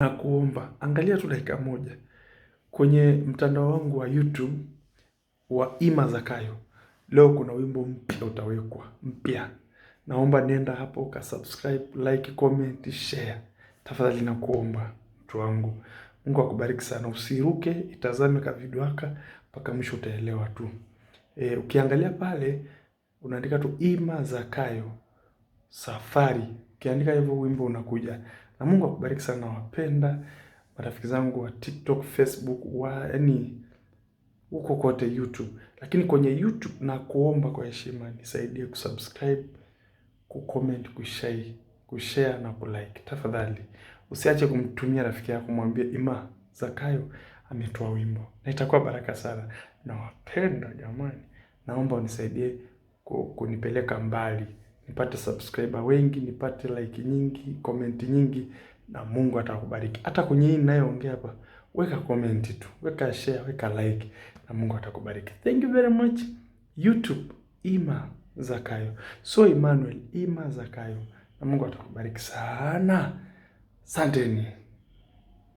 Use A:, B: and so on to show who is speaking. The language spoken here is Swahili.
A: Na kuomba, angalia tu dakika moja kwenye mtandao wangu wa YouTube wa Ima Zakayo. Leo kuna wimbo mpya utawekwa mpya, naomba nenda hapo uka subscribe, like, comment, share. Tafadhali nakuomba mtu wangu, Mungu akubariki sana. Usiruke, itazame ka video yako mpaka mwisho, utaelewa tu. E, ukiangalia pale unaandika tu Ima Zakayo safari ukiandika hivyo wimbo unakuja. Na Mungu akubariki sana, nawapenda marafiki zangu wa TikTok, Facebook, wa yani huko kote YouTube. Lakini kwenye YouTube na kuomba kwa heshima nisaidie kusubscribe, kucomment, kushare, kushare na kulike. Tafadhali usiache kumtumia rafiki yako, kumwambia Ima Zakayo ametoa wimbo na itakuwa baraka sana. Nawapenda jamani, naomba unisaidie kunipeleka mbali nipate subscriber wengi, nipate like nyingi, comment nyingi, na Mungu atakubariki. Hata kwenye hii ninayoongea hapa, weka comment tu, weka share, weka like, na Mungu atakubariki. Thank you very much YouTube Ima Zakayo, so Emmanuel Ima Zakayo, na Mungu atakubariki sana. Santeni.